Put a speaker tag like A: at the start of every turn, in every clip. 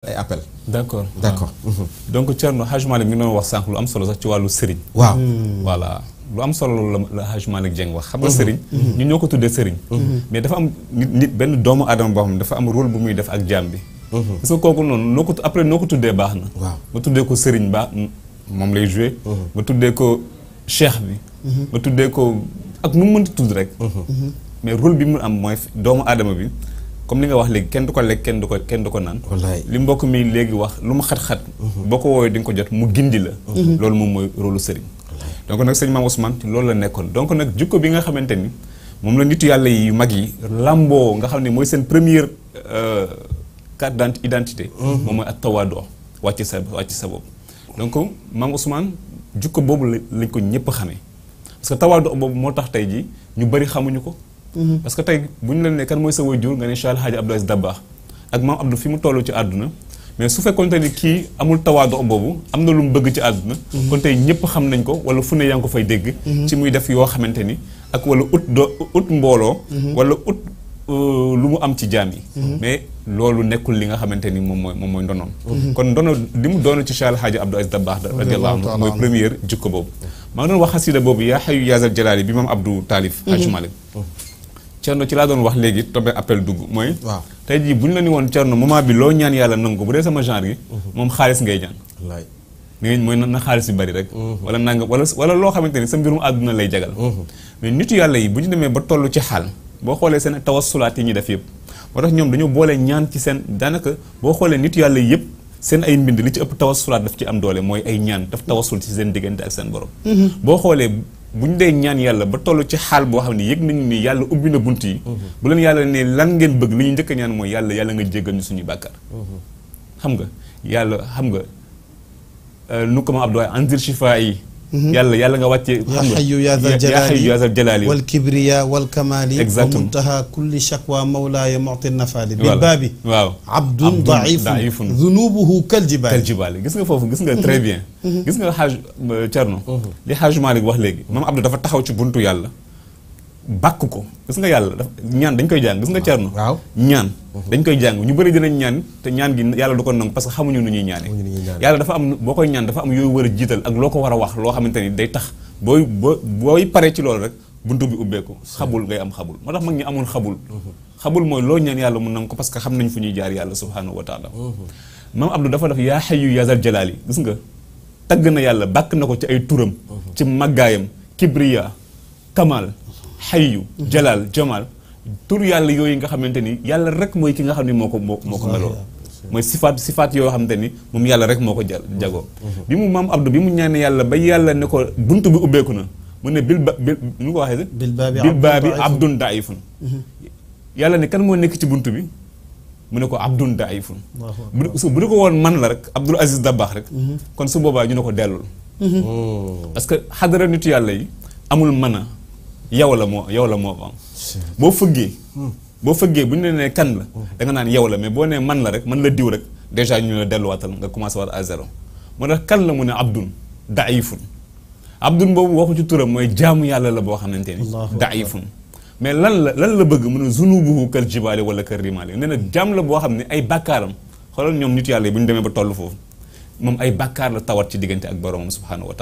A: ay appel d'accord d'accord ah. mhm. donc Thierno Hadj Malick mi ngi doon wax sànq lu am solo sax ci wàllu sëriñ waaw hmm. voilà lu am solo la la Hadj Malick Dieng wax xam nga mhm. sëriñ mhm. ñun ñoo ko tuddee sëriñ mais dafa am nit benn doomu aadama boo xam ne dafa am rôle bu muy def ak jaam bi parce que kooku noonu noo ko après noo ko tuddee baax na waaw nga tuddee ko sëriñ baax moom lay joué ma tuddee ko cheikh bi nga tuddee ko ak nu mu mënti tudd rek mais rôle bi mu am mooy doomu aadama bi comme li nga wax léegi kenn du ko lekk kenn du ko kenn du ko naan. li mbokk mi léegi wax lu mu xat-xat. Mhm. boo ko woowee di nga ko jot mu gindi la. Mhm. loolu moom mooy rôle sëriñ. donc nag sëñ Maam Ousmane loolu la nekkoon donc nag jukko bi nga xamante ni moom la nitu yàlla yu mag yi làmboo nga xam ne mooy seen première euh, carte d' identité. Mhm. moom mooy ak tawaadoo wàcce sa wàcce sa bopp. donc Maam Ousmane jukko boobu lañ ko ñëpp xamee parce que tawaadoo boobu moo tax tey jii ñu bari xamuñu ko. Mm-hmm. parce que tey bu ñu la nee kan mooy sa waajur nga ne Cheikh Alhaji Abdou Aziz Dabakh ak maam Abdou fi mu toll ci àdduna mais su fekkoonte ni kii amul tawaado boobu am na lu mu bëgg ci àdduna mm-hmm. kon tey ñëpp xam nañ ko wala fu ne yaa ngi ko fay dégg mm-hmm. ci muy def yoo xamante ni ak wala ut do ut mbooloo wala ut euh, lu mu am ci jaam yi mais loolu nekkul li nga xamante ni moom mooy moom mooy ndonoon kon ndono li mu doon ci Cheikh Alhaji Abdou Aziz Dabakh radiyallahu anhu mooy première jikko boobu maa ngi doon Cerno ci laa doon wax léegi tombé appel dugg mooy. waaw tey jii bu ñu la ni woon Cerno moment bi loo ñaan yàlla nangu ko bu dee sama genre gi. Mhm. moom xaalis ngay ñaan. mooy na xaalis bi bari rek. Mhm. wala nanga wala wala loo xamante ni sa mbirum àdduna lay jagal. Mhm. mais nitu yàlla yi bu ñu demee ba toll ci xaal boo xoolee seen tawasulaat yi ñuy def yëpp. moo tax ñoom dañoo boole ñaan ci seen daanaka boo xoolee nitu yàlla yëpp seen ay mbind li ci ëpp tawasulaat daf ci am doole mooy ay ñaan daf tawasul ci seen diggante ak seen borom. bu ñu dee ñaan yàlla ba toll ci xaal boo xam ne yëg nañu nii yàlla ubbi na bunt yi bu leen yàlla ne lan ngeen bëgg li ñu njëkk ñaan mooy yàlla yàlla nga jéggal ñu suñu bàkkaar mhm. xam nga yàlla xam nga euh, nu ko ma Abdoulaye anzir shifa yi يلا يلا نواتي يا حي يا ذا الجلال يا ذا الجلال
B: والكبرياء والكمال ومنتهى كل شكوى مولاي معطي النفال بالباب عبد ضعيف
A: ذنوبه كالجبال كالجبال غيس نغا فوفو غيس نغا تري بيان غيس نغا حاج تيرنو لي حاج مالك واخ لي مام عبد دا فا تاخاو سي بونتو يالا bàkk ko gis nga yàlla daf ñaan dañ koy jàng gis nga Thierno. waaw ñaan. Mhm. dañ koy jàng ñu bari dinañ ñaan te ñaan gi yàlla du ko nangu parce que xamuñu nu ñuy ñaanee. yàlla dafa am boo koy ñaan dafa am yooyu war a jiital ak loo ko war a wax loo xamante ni day tax booy booy pare ci loolu rek buntu bi ubbeeku xabul ngay am xabul moo tax mag ñi amoon xabul. Mhm. xabul mooy loo ñaan yàlla mu nangu ko parce que xam nañ fu ñuy jaar yàlla subhanahu wa taala. Mhm. maam Abdou dafa def yaa xayu yaa zal jalaali gis nga tagg na yàlla bàkk na ko ci ay turam. ci màggaayam kibriya kamal xayyu jalaal jamaal tur yàlla yooyu nga xamante ni yàlla rek mooy ki nga xam ne moo ko moo moo ko meloo mooy sifaat sifaat yoo xam nte ni moom yàlla rek moo ko ja jagoo mhm. bi mu maam Abdou bi mu ñaane yàlla ba yàlla ne ko bunt bi ubbeeku na mu ne bil ba bil nu ko waxee bil baabi abdun daayifun mhm. yàlla ne kan moo nekk ci bunt bi mu ne ko abdun daayifun bu ko woon man la rek Abdul Aziz Dabaax rek mhm. kon su boobaa ñu ne ko dellul parce que xadara nitu yàlla yi amul mana yow la moo yow la moo am. boo fëggee. Hmm. boo fëggee bu ñu nee kan la. Hmm. da nga naan yow la mais boo nee man la rek man la diw rek dèjà ñu la delluwaatal nga commencé waat à zéro moo tax kan la mu ne abdun daayifun abdun boobu waxu ci turam mooy jaamu yàlla la boo xamante ni. daayifun mais lan la lan la bëgg mu ne zunubuhu kal jibaali wala kal rimaali nee na jaam la boo xam ne ay bàkkaaram xoolal ñoom nit yàlla yi bu ñu demee ba toll foofu moom ay bàkkaar la tawat ci diggante ak boromam subhanahu wa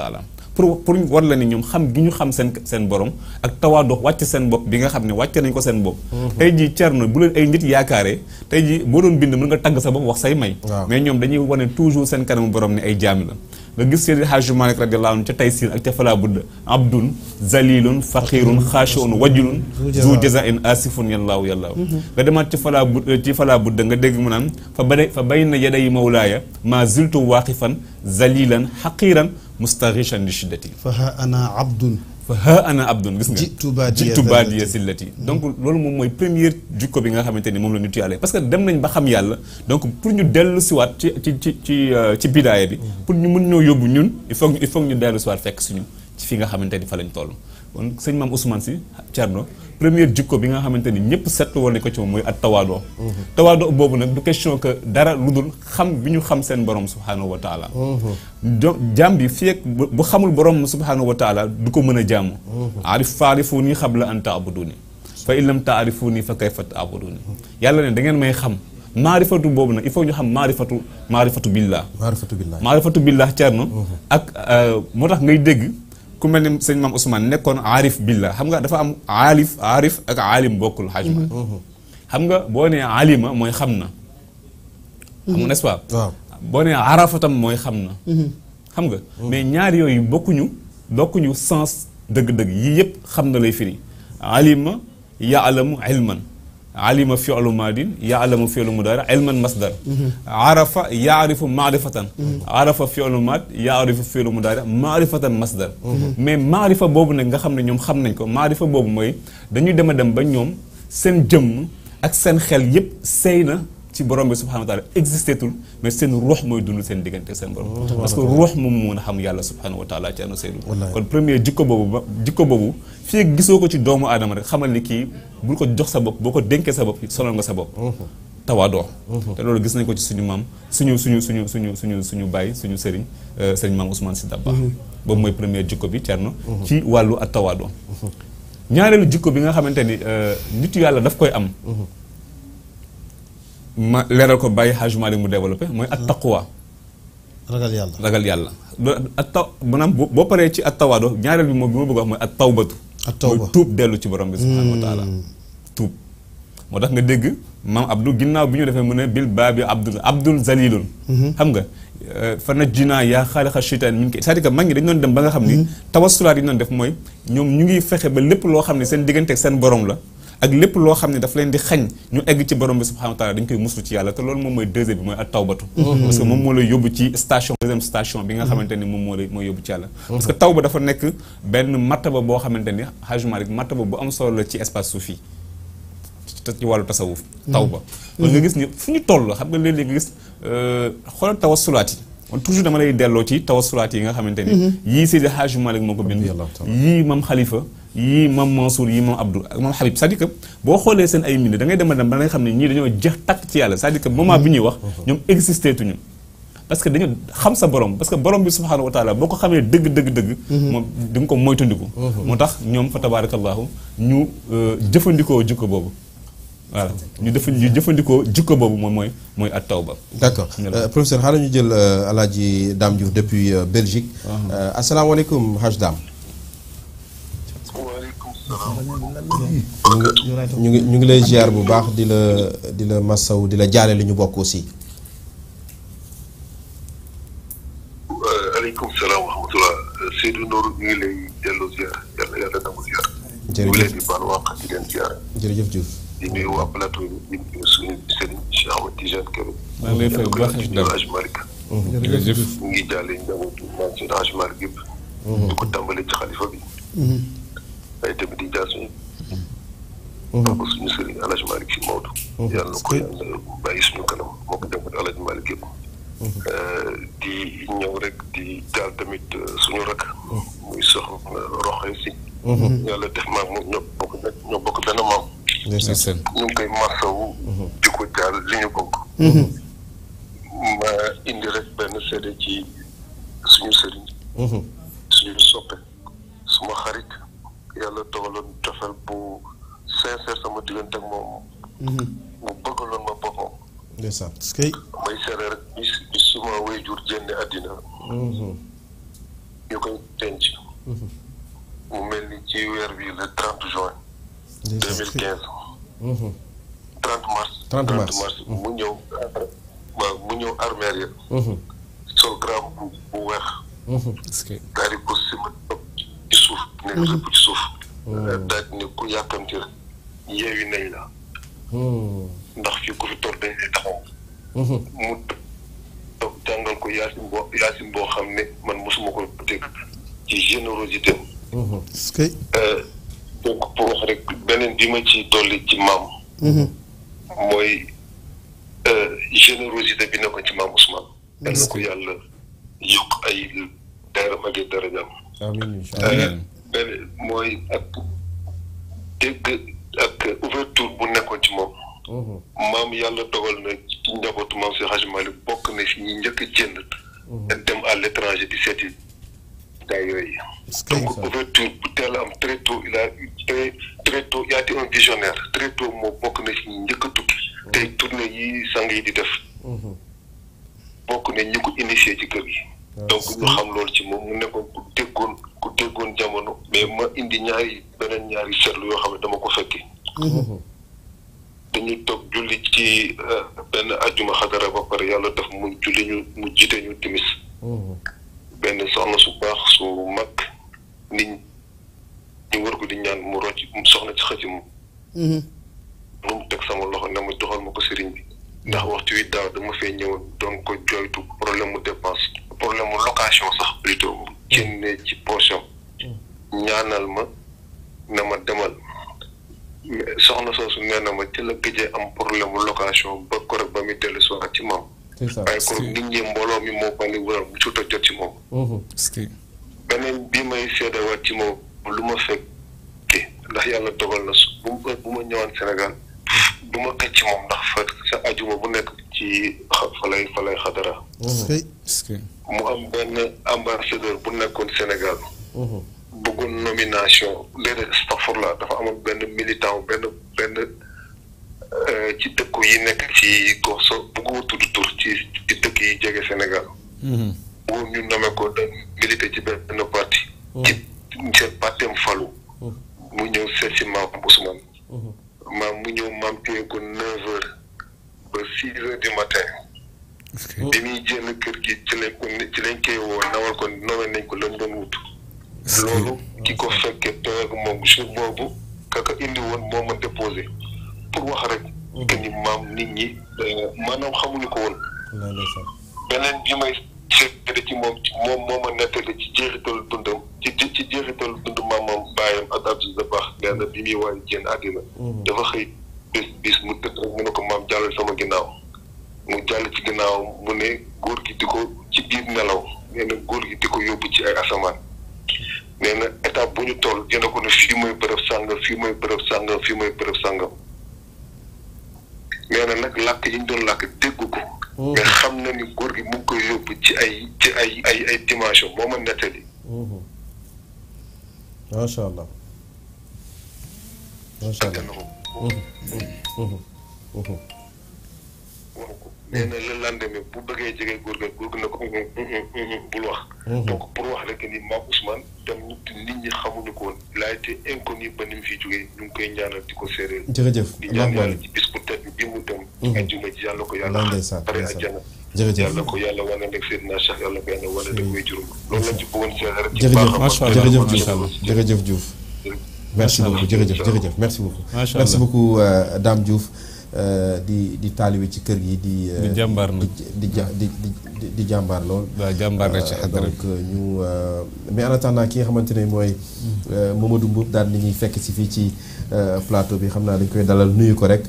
A: pour pour war la ni ñoom xam gi ñu xam seen seen borom ak tawaadox wàcc seen bopp bi nga xam ne wàcc nañ ko seen bopp mhm. tey jii cerno bu leen ay nit yaakaaree tey jii boo doon bind mën nga tagg sa bopp wax say may mais ñoom dañuy wane toujours seen kanamu borom ne ay jaami la nga gis Seydi Hajji Malik radiyallahu anhu ca Taysir ak ca Fala Budda abdun zalilun faqirun xaashiun wajulun zu jazain asifun yallaahu yallaahu mhm. nga demaat ci Fala bu eh, ci Fala Budda nga dégg mu naan fa bay fa bayna yaday mawlaaya ma ziltu waaqifan zalilan xaqiran mustarishan li shiddati fa
C: ana abdun fa ha ana abdun gis nga jitu baadiya sillati donc
A: loolu moom mooy première jukko bi nga xamante ni moom la nit yàlla parce que dem nañ ba xam yàlla donc pour ñu dellu siwaat ci ci ci ci euh, ci bidaaya bi pour ñu mun ñoo yóbbu ñun il faut il faut ñu dellu siwaat fekk suñu ci fi nga xamante ni fa lañ toll kon sëñ maam Ousmane si Thierno première jikko bi nga xamante ni ñëpp seetlu woon nañ ko ci mooy ak tawaadoo mhm. tawaadoo boobu nag du question que dara lu dul xam bi ñu xam seen borom subhaanahu wa taala donc mhm. jaam bi fii bu xamul borom subhaanahu wa taala du ko mën a jaamu mhm. arif faarifuuni qabla an taabuduni fa in lam taarifuuni fa kayfa taabuduni yàlla ne da ngeen may xam maarifatu boobu nag il faut ñu xam maarifatu maarifatu billah maarifatu billah Thierno ak euh, moo tax ngay dégg ku mel ni sëñ maam Ousmane nekkoon aarif billah xam nga dafa am aalif aarif ak aalim bokkul xajma xam nga boo nee alima mooy xam na xam nga n'est-ce pas boo nee arafatam mooy xam na xam nga mais ñaar yooyu bokkuñu bokkuñu sens dëgg-dëgg yii yëpp xam na lay firi alima yaalamu ilman علم فعل مادين يعلم فعل مدارع علما مصدر عرف يعرف معرفة عرف فعل ماد يعرف فعل مدارع معرفة مصدر مي معرفة بوب نغا خامني نيوم خامنن كو معرفة بوب موي دانيو دما دم با نيوم سن جيم اك سن خيل ييب سينا ci borom bi subhanahu wa taala existé tul mais seen ruux mooy dund seen diggante seen borom parce que ruux moom jikko doomu aadama rek xamal ni kii ko jox sa bopp boo ko dénkee sa bopp sonal nga sa bopp tawaadoo te loolu gis nañ ko ci suñu maam suñu suñu suñu suñu suñu suñu bàyyi suñu sëriñ euh, sëriñ maam Ousmane Sy Dabakh boobu mooy premier jikko bi Thierno ci wàllu ak tawaadoo ñaareelu jikko bi nga xamante ni euh, nit yàlla daf koy am ma leeral ko bàyyi Hajj Malick mu développé mooy ah. at taqwa ragal yàlla ragal yàlla at taw maanaam boo paree ci at tawaado ñaareel bi moom bi ma bëgg wax mooy at tawbatu at mooy tuub dellu ci borom bi hmm. subhanahu wa taala tuub moo tax nga dégg maam Abdou ginnaaw bi ñu defee mu ne bil baabi Abdul Abdul Zalilun hmm. xam nga euh, fa najjinaa yaa xaaliqa shaytaan min ki c'est-à-dire que mag ñi dañu doon dem ba nga xam ni hmm. tawasulaat yi ñu doon def mooy ñoom ñu ngi fexe ba lépp loo xam ne seen diggante ak seen borom la ak lépp loo xam ne daf leen di xañ ñu egg ci borom bi subhanahu wa taala dañ koy muslu ci yàlla te loolu moom mooy deuxième bi mooy ak tawbatu mhm. parce lay mooy yóbbu ci yàlla mhm. parce que boo xamante ni Hajj Malick martaba bu am solo la ci espace suufi ci wàllu tasawuf mhm. nga gis ni fu ñu toll xam nga léeg-léeg nga gis euh, xoolal tawasulaat yi kon toujours dama lay delloo ci tawasulaat yi nga xamante ni yii Seydi Hajj Malick moo ko bind yii Mame Khalifa yii mam Mansour yii mam Abdou ak mam Habib c'est-à-dire que boo xoolee seen ay mbind da ngay dem a dem ba nga xam ne ñii dañoo jeex takk ci yàlla c'est-à-dire que moment bi ñuy wax ñoom existé tuñu parce que dañu xam sa borom parce que borom bi subhanahu wa taala boo ko xamee dëgg dëgg dëgg moom di nga ko moytandiku moo tax ñoom fa tabarakallahu ñu jëfandikoo jikko boobu voilà ñu def ñu jëfandikoo jikko boobu moom mooy mooy at tawba. d' accord
B: professeur xaaral ñu jël alaaji Dame Diouf depuis Belgique. asalaamaaleykum Haj Dame.
D: ñu ngi ñu ngi lay ziar bu baax
B: di la di la masaw di la jaale li ñu bokk aussi.
D: waaleykum salaam wa rahmatulah Seydou Nour ñu ngi lay delloo ziar yàlla yàlla na mu ziar. jërëjëf ñu ngi leen di baal wax di leen ziar.
B: jërëjëf Diouf. di nuyu waa plateau bi di nuyu suñu
D: Serigne Cheikh Ahmed Tidiane Kébé. maa ngi lay fay bu baax di nuyu Aj Malick. jërëjëf ñu ngi jaale njabootu Mansour Aj Malick yëpp. di ko tàmbalee ci xalifa bi. ak mhm. suñu sëriñ El Hadj Malick si Maodo. Mhm. yàlla na ko yàlla bàyyi suñu kanam moo ko dem El Hadj Malick yëpp. Mhm. Euh, di ñëw rek di daal tamit euh, suñu rak. muy soxna Roxay si. yàlla def maam.
A: ñu koy marsawu. di ko daal li ñu bokk.
D: ma indi rek benn seede ci suñu sëriñ.
B: suñu soppe suma xarit yàlla dogaloon tofel bu. sincère sama diggante ak moom. Mhm.
D: mu bëggaloon
B: ma boppam. ndeysaan kay.
D: may seere rek bis bis suma wayjur génne àddina. Mhm. ñu koy denc. Mhm. mu mel ni ci weer bi le trente juin. deux mille quinze.
B: trente mars. trente mars mu
D: ñëw. waaw mu ñëw armeer ya. sol grand bu weex. daal di ko si ma ci suuf. nekk ci suuf. daal di ne ku yàkkamti yeewi nañ la. Hmm. ndax fii ku fi toog dañ lay taxaw. Hmm. mu jàngal ko yaasin boo xam ne man mosuma ko dégg ci générosité hmm. euh, ci dolli ci maam. mooy euh, générosité bi nekkoon ci maam Ousmane. dal ko yàlla yokk ay leeram ak darajaam. amiin amiin mooy ak dégg. ouverture bu nekkoon ci moom. Mhm. maam yàlla dogal na ci njabootu maam si Hadj bokk na si ñi njëkk a jënd. ak mhm. dem a l' étranger di seeti gaa yooyu. donc ouverture bu teel am très tôt il a très très tôt il a visionnaire très tôt moo bokk na si ñi njëkk a tukki. Mhm. tey tournée yi sang yi di def. bokk na ñi ko initié ci kër gi. donc ñu xam loolu ci moom mu nekkoon ku déggoon ku déggoon jamono. mais ma indi ñaari beneen ñaari seetlu yoo xam ne dama ko fekkee. dañu toog julli ci euh, benn ajjuma xadara ba pare yàlla daf mu julli ñu mu jiite timis benn soxna su baax su mag nit ñu war ko di ñaan mu rocc soxna ci xëcc mu mu teg sama loxo ne ma joxal ma ko sëriñ bi ndax waxtu wi daaw dama fee ñëwoon doon ko joytu problème mu dépense problème mu location sax plutôt génne ci poche ñaanal ma na ma demal soxna soosu nee na ma ci la gëjee am problème mu location ba koroog ba muy dellu a waat ci moom. c'est ça waaye koroog nit mi moo bëri wala mu suuta jot ci moom. beneen bi may seedewaat ci moom lu ma fekkee ndax yàlla dogal na bu ma ñëwaan Sénégal. du ma xëcc moom ndax fa sa ajuma bu nekk ci fa lay fa lay xadara. mu am benn ambassadeur bu nekkoon Sénégal. bëggoon nomination léeg-léeg stafurla dafa amoon benn militant benn benn euh, ci dëkku yi nekk ci gox so bëgguma tudd tur ci ci dëkk yi jege Sénégal. Mhm. bëggoon ñu nommé ko dañ milité ci benn parti. Oh. ci seen parti am falu. Oh. mu ñëw seet si maam Ousmane. Oh. maam mu ñëw maam téye ko neuf heures ba six heures du matin. bi muy génn kër gi ci lañ ko ci lañ koy woo nawal ko nommé nañ ko lañ doon loolu ki ko fekkee teeweeg moom jour boobu kaka indi woon moo ma déposé pour wax rek mhm. que ni maam nit ñi euh, maanaam xamuñu ko woon. beneen bi may seetlu ci moom moom moom moo ma nettali ci jeexitalu dundam ci ci jeexitalu dund maamam baayam ak Abdou Dabakh nee na bi muy waay jéem àddina. Mhm. dafa xëy bis bis mu tëdd rek mu ne ko maam jàllal sama ginnaaw mu jàll ci ginnaaw mu ne góor gi di ko ci biir nelaw nee na góor gi di ko yóbbu ci ay asamaan. nee na étape bu ñu toll dina ko ne fii mooy bërëb sàngam fii mooy bërëb sàngam fii mooy bërëb sàngam
B: nee na nag làkk yi ñu doon làkk déggu ko. mais mmh. xam na ni góor gi mu ngi koy yóbbu ci ay ci ay ay ay dimension moo ma nettali. Mmh. macha allah macha allah. nee na le lendemain bu bëggee jege góor ga góor ga ne ko bul wax. donc pour wax rek ni maam Ousmane dem nit ñi xamuñu ko woon. il a été inconnu ba ni mu fiy jógee ñu ngi koy ñaanal di ko séeréer. jërëjëf di ñaan yàlla ci bis bu tedd bi mu dem. ajjuma ji yàlla ko yàlla. pare ajjana. jërëjëf yàlla ko
D: yàlla wane nekk Seydina Cheikh yàlla ko yàlla wane nekk way juróom. loolu lañ ci bëggoon seetal rek. jërëjëf macha allah jërëjëf Diouf
B: jërëjëf Diouf. merci beaucoup jërëjëf jërëjëf merci beaucoup. macha allah merci beaucoup Dame Diouf Euh, di di taalibe ci kër gi di. Euh, di jàmbaar nag di di di di jàmbaar lool. waaw jàmbaar na ci euh, xadra donc ñu mais en attendant ki nga xamante ne mooy. Mm. Mamadou Mboup daal di ñuy fekk si fii ci plateau bi xam naa dañ koy dalal nuyu ko rek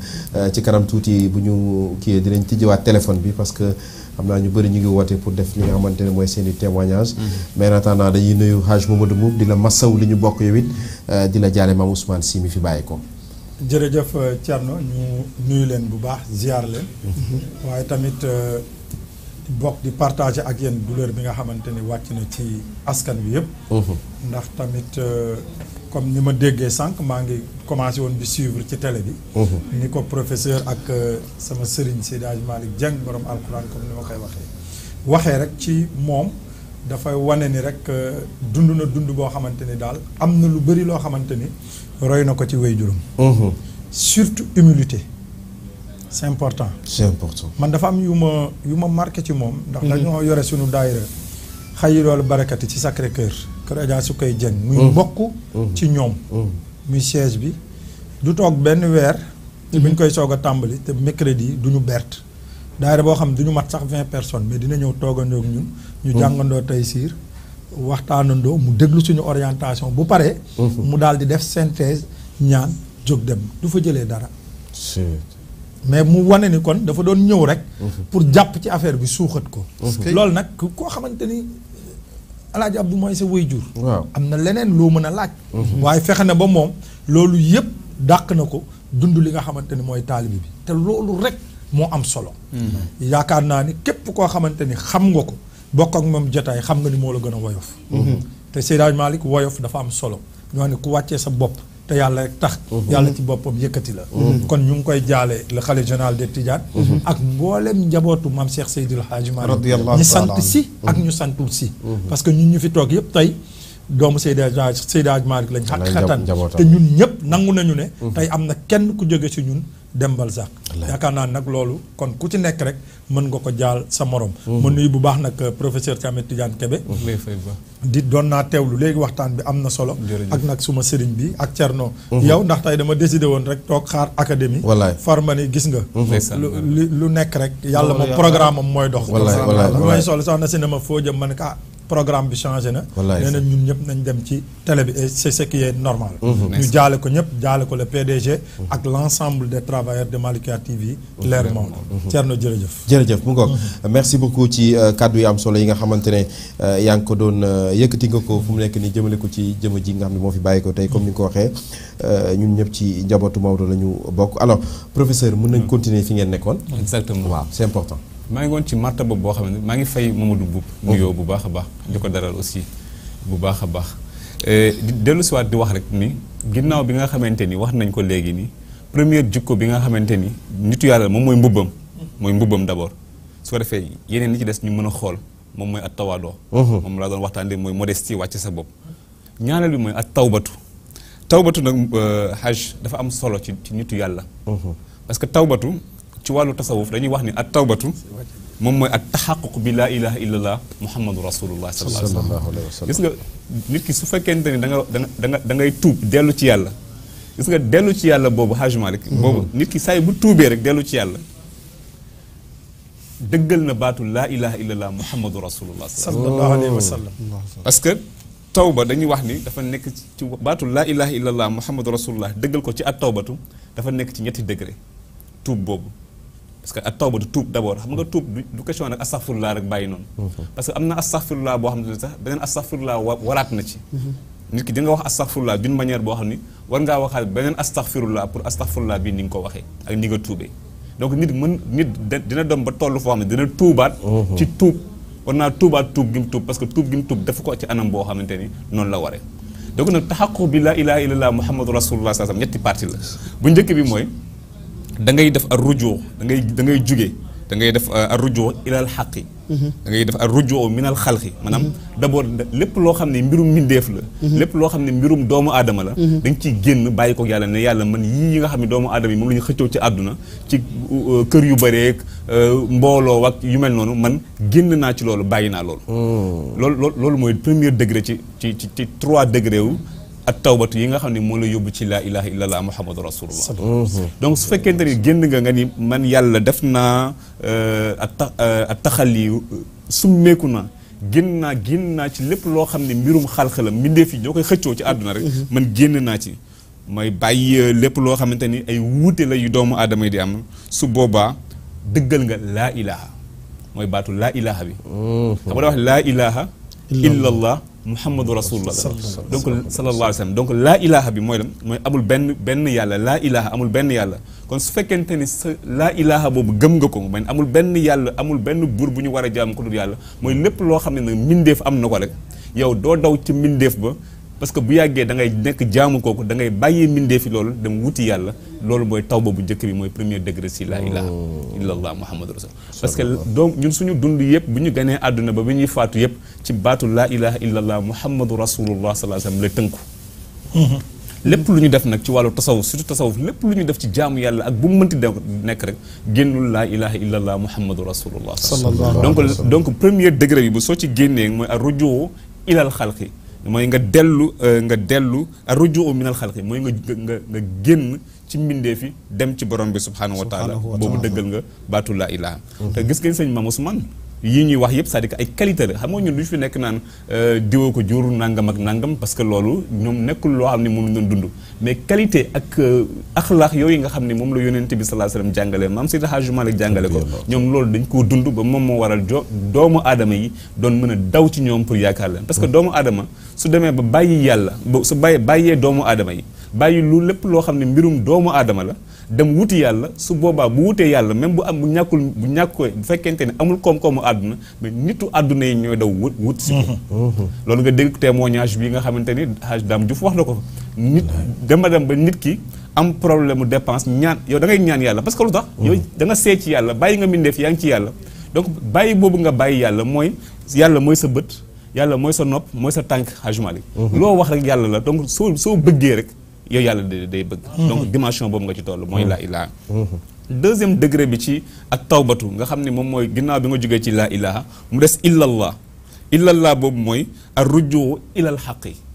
B: ci kanam tuuti bu ñu kii dinañ tijjiwaat téléphone bi parce que. xam naa ñu bëri ñu ngi woote pour def li nga xamante ne mooy seen i témoignage mm-hmm. mais en attendant dañuy nuyu Haj Mamadou Mboup di la masaw li ñu bokk yow it di la jaale maam Ousmane si mi fi bàyyi ko
C: jërëjëf euh, Thierno ñu nuyu leen bu baax ziar leen. Mhm. waaye tamit euh, bokk di partager ak yéen douleur bi nga xamante ni wàcc na ci askan wi yëpp. Mhm. ndax tamit euh, comme ni ma déggee sànq maa ngi commencé woon di suivre ci tele bi. Mhm. ni ko professeur ak sama sëriñ Seydi Hadji Malick Dieng borom alxuraan comme ni ma koy waxee. waxee rek ci moom dafay wane ni rek dund na dund boo xamante ni daal am na lu bëri loo xamante ni. Mhm. surtout humilité c'est important c'est important man dafa am marqué ci mom ndax dañu mhm. yoré suñu daïra. xayi Sacré Cœur de aja su koy muy mhm. ci ñom. muy siège bi du tok benn buñ koy soga mercredi bert bo xam duñu 20 personnes mais dina ñun ñu waxtaanandoo mu déglu suñu orientation bu paree. Mhm. mu daal di def synthèse ñaan jóg dem du fa jëlee dara. mais mu wane ni kon dafa doon ñëw rek. Mhm. pour jàpp ci affaire bi suuxat ko. Mhm. loolu nag koo xamante ni alaaji Abdou mooy sa waajur. waaw am na leneen loo mën a laaj. waaye fexe na ba moom loolu yëpp dàq na ko dund li nga xamante ni mooy taalibi bi te loolu rek moo am solo. yaakaar naa ni képp koo xamante ni xam nga ko. bokk ak moom jotaay xam nga ni moo la gën a woyof mhm. te Seydou Malick woyof dafa am solo ñoo ne ku wàccee sa bopp te yàlla rek tax mhm. yàlla ci boppam yëkkati la mhm. kon ñu ngi koy jaale le xale général de Tidianes ak mboolem njabootu maam Cheikh Seydil Hadji Malick ñu sant si ak ñu santul si parce que ñu ñu fi toog yëpp tey doomu Seydou Seydou Malick lañ xaq xatan te ñun ñëpp nangu nañu ne tey am na kenn ku jóge si ñun dembal Balzac yaakaar naa nag loolu kon ku ci nekk rek mën nga ko jaal sa morom mm-hmm. ma nuyu bu baax nag euh, professeur Thiamé Tidiane Kébé mm-hmm. di doon naa teewlu léegi waxtaan bi am na solo ak nag suma sëriñ bi ak Thierno mm-hmm. yow ndax tey dama décidé woon rek toog xaar académie ma ni gis nga lu lu nekk rek yàlla moom programme am mooy dox lu may solo sax na si ne ma foo jëm ma ne ah programme bi changé na nee na ñun ñëpp nañ dem ci télé bi et c'est ce qui est normal mmh. ñu jaale ko ñëpp jaale ko le PDG ak l'ensemble des travailleurs de Malika TV clairement. Maodo Thierno jërëjëf jërëjëf mu ngoog
B: mmh. merci beaucoup ci euh, kàddu yi am solo yi nga xamante ne euh, yaa ngi ko doon euh, yëkkati nga ko fu mu nekk nii jëmale ko ci jëma ji nga xam ne moo fi bàyyi ko tey comme ni ko waxee ñun ñëpp ci njabootu Maodo la ñu bokk alors professeur mën nañ mmh. continuer fi ngeen nekkoon exactement waaw c'est important
A: maa ngi woon ci martaba boo xam ne maa ngi fay Mamadou Mboup nuyoo bu baax a baax di ko daral aussi bu baax a baax eh, di dellu siwaat di wax rek ni ginnaaw bi nga xamante ni wax nañ ko léegi ni première jikko bi nga xamante ni nitu yàlla moom mooy mbubbam mooy mbubbam d'abord su ko defee yeneen ni ci des ñu mën a xool moom mooy at tawaadoo moom laa doon waxtaan léegi mooy modestie wàcc sa bopp ñaanal bi mooy at tawbatu tawbatu nag xaj euh, dafa am solo ci ci nitu yàlla ci wàllu tasawuf dañuy wax ni at tawbatu moom mooy ak taxaquq bi laa ilaha illallah muhammadu rasulullah sallallahu alayhi wa sallam nga nit ki su fekkente ni da nga da nga da ngay tuub dellu ci yàlla gis dellu ci yàlla boobu Hajj Malik mm-hmm. boobu nit ki saa bu tuubee rek dellu ci yàlla dëggal na baatu laa ilaha illallah muhammadu rasulullah sallallahu alayhi wa sallam parce que tawba dañuy wax ni dafa nekk ci baatu laa ilaha illallah muhammadu rasulullah dëggal ko ci at tawbatu dafa nekk ci ñetti degré tuub boobu parce que ak tawba du tuub d' abord xam nga tuub du question nag astaghfirullah rek bàyyi noonu. Mhm. parce que am na astaghfirullah boo xam ne sax beneen astaghfirullah waraat na ci. Mhm. nit ki di wax astaghfirullah d' une boo xam ni war ngaa waxaat beneen astaghfirullah pour astaghfirullah bii ni nga ko waxee ak ni nga tuubee donc nit mën nit dina dem ba toll foo xam ne dina tuubaat. Mhm. ci tuub war naa tuubaat tuub gi mu tuub parce que tuub gi mu tuub dafa ko ci anam boo xamante ni noonu la waree. donc nag taxaqu bi laa ilaaha illallah muhammadu rasulullah sallam ñetti parti la bu njëkk bi mooy. da ngay def ar rujuu da ngay da ngay jóge da ngay def euh, ar rujuu ilal xaqi mhm. da ngay def ar rujuu minal xalqi maanaam mhm. d'abord lépp loo xam ne mbirum mindeef la mhm. lépp loo xam ne mbirum doomu aadama la dañ nga ciy génn bàyyi ko yàlla ne yàlla man yii yi nga xam ne doomu aadama yi moom la ñu xëccoo ci àdduna ci euh, kër yu bëreeg euh, mbooloo ak yu mel noonu man génn naa ci loolu bàyyi naa loolu oh. loolu loolu mooy premier degré ci ci ci trois degré wu ak tawbatu yi nga xam ni moo la yóbbu ci laa ilaha illallah muhammadu rasulullah donc su fekkente ni génn nga nga ni man yàlla def naa euh, ak ta euh, ak taxali euh, summeeku na génn naa génn naa ci lépp loo xam ne mbirum xalxalam mbindeef yi ñoo koy xëccoo ci àdduna rek mm-hmm. man génn naa ci mooy bàyyi lépp loo xamante ni ay wuute la yu doomu aadama yi di am su boobaa dëggal nga laa ilaha mooy baatu laa ilaha bi mm-hmm. xam nga daa wax laa ilaha illallah محمد رسول الله دونك صلى الله عليه وسلم دونك لا اله بي موي موي امول بن بن يالا لا اله امول بن يالا كون سو فكنتني لا اله بوب گم گكو مان امول بن يالا امول بن بور بو ني وارا جام كودور يالا موي لپ لو خامني مينديف ام نكو رك ياو دو داو تي مينديف با parce que bu yàggee dangay ngay nekk jaamu kooku da ngay bàyyee mindee fi loolu dem wuti yàlla loolu mooy ba bu njëkk bi mooy premier degré si laa ilaha illallah muhammadu rasul que donc ñun suñu dund yëpp bu ñu ganee àdduna ba bi ñuy faatu yëpp ci baatu laa ilaha illallah muhammadu rasulullah sallallahu alayhi wasallam la tënku
D: mm-hmm.
A: lépp lu ñu def nag ci wàllu tasawuf surtout tasawuf lépp lu ñu def ci jaamu yàlla ak bu mu mënti nekk rek génnul laa ilaha illallah muhammadu rasulullah donc donc premier degré bi bu soo ci génnee mooy a rujuu ilal xalqi mooy nga dellu euh, nga dellu rujuu min al xalqi mooy nga nga nga génn ci mbindeef yi dem ci borom bi subhaanahu wa taala boobu dëggal nga baatu laa ilaha te gis ngeen sëñ Mame man yi ñuy wax yëpp cest à ay qualité la xam nga ñun du ñu fi nekk naan euh, diwoo ko jur nangam ak nangam parce que loolu ñoom nekkul loo xam ne mënuñu doon dund mais qualité ak euh, axlaax yooyu nga xam ne moom la yonent bi sallallahu alayhi wasallam jàngale maam Seydi Hadji Malick jàngale ko ñoom loolu dañ koo dund ba moom moo waral jo doomu aadama yi doon mën a daw ci ñoom pour yaakaar leen parce que mm. doomu aadama su demee ba bàyyi yàlla ba su bàyyi bàyyee doomu aadama yi bàyyi lu lépp loo xam ne mbirum doomu aadama la dem wuti yàlla su boobaa bu wutee yàlla même bu am bu ñàkkul bu ñàkkoo bu fekkente ne amul koom-koomu àdduna mais nitu àdduna yi ñooy daw wut wut si ko mhm. Mhm. loolu nga dégg témoignage bi nga xamante ni Hadj Dame Diouf wax na ko nit dema ba nit ki am problème mu dépense ñaan yow da ngay ñaan yàlla parce que lu tax mhm. yow da nga seet ci yàlla bàyyi nga mbindeef yaa ngi ci yàlla donc bàyyi boobu nga bàyyi yàlla mooy yàlla mooy sa bët yàlla mooy sa nopp mooy sa tànk Hadj Malick loo wax rek yàlla la donc soo soo bëggee rek yooyu yàlla day day bëgg donc dimension boobu nga ci toll mooy la ilaha deuxième degré bi ci ak tawbatu nga xam ne moom mooy ginnaaw bi nga jógee ci la ilaha
D: mu des illallah illallah boobu mooy ar rujuu ilal xaqi